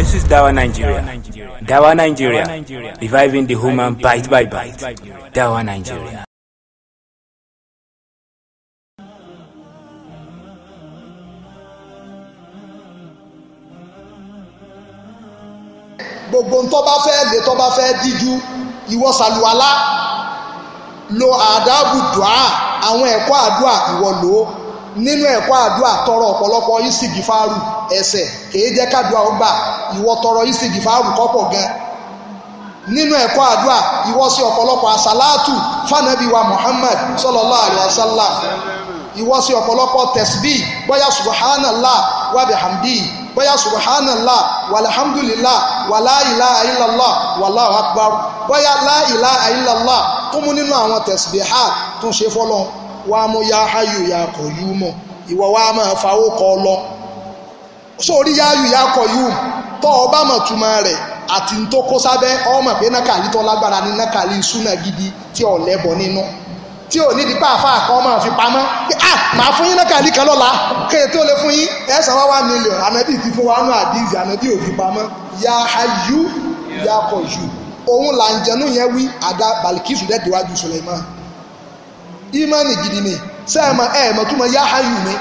This is Dawa Nigeria. Dawa Nigeria. Reviving the human bite by bite. Dawa Nigeria. gbogbo ntọ́ bá fẹ́ lè tọ́ bá fẹ́ díjú ìwọ sàlùwàlá lo àdábùdùá àwọn ẹ̀kọ́ àdúà ìwọ lòó nínú ẹ̀kọ́ àdúrà tọrọ ọ̀pọ̀lọpọ̀ ìsìgì fáàrù ẹ̀sẹ̀ kìí jẹ́ kádùá ó gbà ìwọ tọrọ ìsìgì fáàrù kọ́pọ̀ gan nínú ẹ̀kọ́ àdúrà ìwọ sí ọ̀pọ̀lọpọ̀ àsálàtù fànàbí wa Muhammad sallallahu alaihi wasallam ìwọ sí ọ̀pọ̀lọpọ̀ tẹ̀sbí bóyá subhanallah wa bihamdi bóyá subhanallah walhamdulillah wala ilaha illallah wallahu akbar bóyá la ilaha illallah tó mú nínú àwọn tẹ̀sbíhà Ha, ń ṣe fọ́lọ́n wàá mú yá háyù yá kọ̀ yú mọ̀ ìwọ wàá máa fawó kọ lọ sórí yáyù yá kọ̀ yú tọ́ ọ bá mọ̀ túmọ̀ rẹ̀ àti tó kó sábẹ́ ọmọ pé nákàlí tó lágbára ní nákàlí súnà gidi tí ò lẹ́bọ̀ nínú tí ò ní dípá àfa àkọ́ ọmọ fi pamọ́ pé à ah, máa fún yín nákàlí kan lọ́la kéye tó lè fún yín ẹ̀sán wá wá nílò ànábì ti fún wa nù àdìsí ànábì ò fi pamọ́ yá háyù yá kọ̀ yú òun là ń jẹnu yẹn wí àdá bàlìkísù dẹ́ẹ̀dẹ́wájú Suleiman ìmánì gidi ni sẹ́ẹ̀mọ ẹ̀ẹ̀mọ túmọ̀ yá mi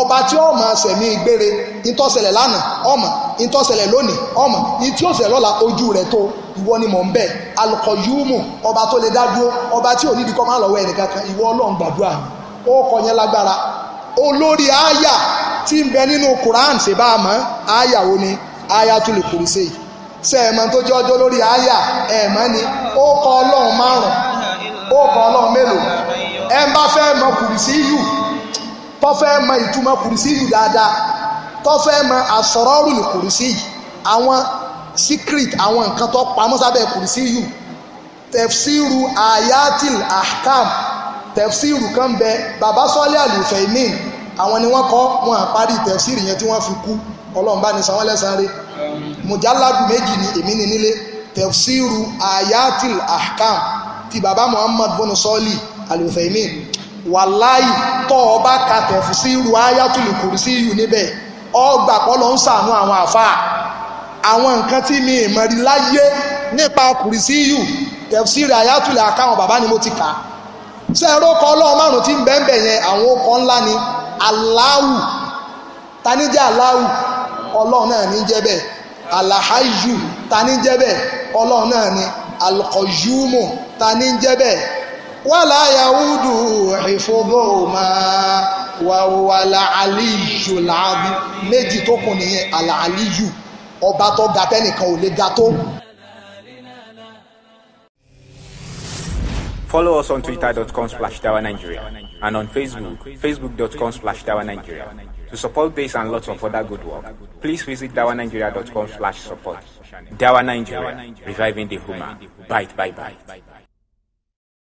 ọba tí ó máa sẹ̀mí gbére ìtọ́sẹ̀lẹ̀ lánàá ọmọ ìtọ́sẹ̀lẹ̀ lónìí ìtí ó ṣẹlẹ̀ lọ́la ojú rẹ̀ tó ìwọ ni mò ń ọba tó lè dádúró ọba tí ò ní máa ìwọ ọlọ́run gbàdúrà mi ó kọ yẹn lágbára olórí àyà tí ni àyà tó lè bá fẹ́ mọ kùrìsí yù tó fẹ́ mọ ìtumọ̀ kùrìsí yù dáadáa tó fẹ́ mọ àsọ̀rọ̀rù ní kùrìsí yìí àwọn secret àwọn nǹkan tó pamọ́ sábẹ́ kùrìsí yù tẹ̀fsíru ayatil ahkam tẹ̀fsíru kan bẹ bàbá sọ́lé àlùfẹ̀mín àwọn ni wọ́n kọ́ wọn àparí tẹ̀fsíru yẹn tí wọ́n fi kú ọlọ́run bá ní sanwó lẹ́sàn-án rẹ̀ mujalladu méjì ni èmi ni nílé tẹ̀fsíru ayatil ahkam ti bàbá muhammad bọ́nu sọ́lé àlùfẹ̀mí wàláì tọ́ ọ bá ka tẹ̀fù sí irú ayátùlù kùrù sí ìyù níbẹ̀ ọgbà pọ́ lọ ń sàánú àwọn àfáà àwọn nǹkan tí mi ìmọ̀ rí láyé nípa kùrù sí ìyù tẹ̀fù sí irú ayátùlù àkáwọn bàbá ni mo ti kà á sẹ́ẹ̀rọ kọ́ ọlọ́run márùn tí ń bẹ́ẹ̀ yẹn àwọn ọkọ̀ ńlá ni aláwù taníjẹ́ aláwù ọlọ́run náà ní jẹ́ bẹ́ẹ̀ alahaiju ọlọ́run náà ní alkọ̀júmọ̀ taníjẹ́ wàlá yahudu ìfowópamọ́ làbí méjì tó kù nìyẹn àlà ọba tó ga tẹ́nìkan ò lè ga tó. Follow us on twitter.com slash Dawa Nigeria and on Facebook, facebook.com slash Dawa Nigeria. To support this and lots of other good work, please visit dawanigeria.com slash support. Dawa Nigeria, reviving the human. Bite, bye, bite.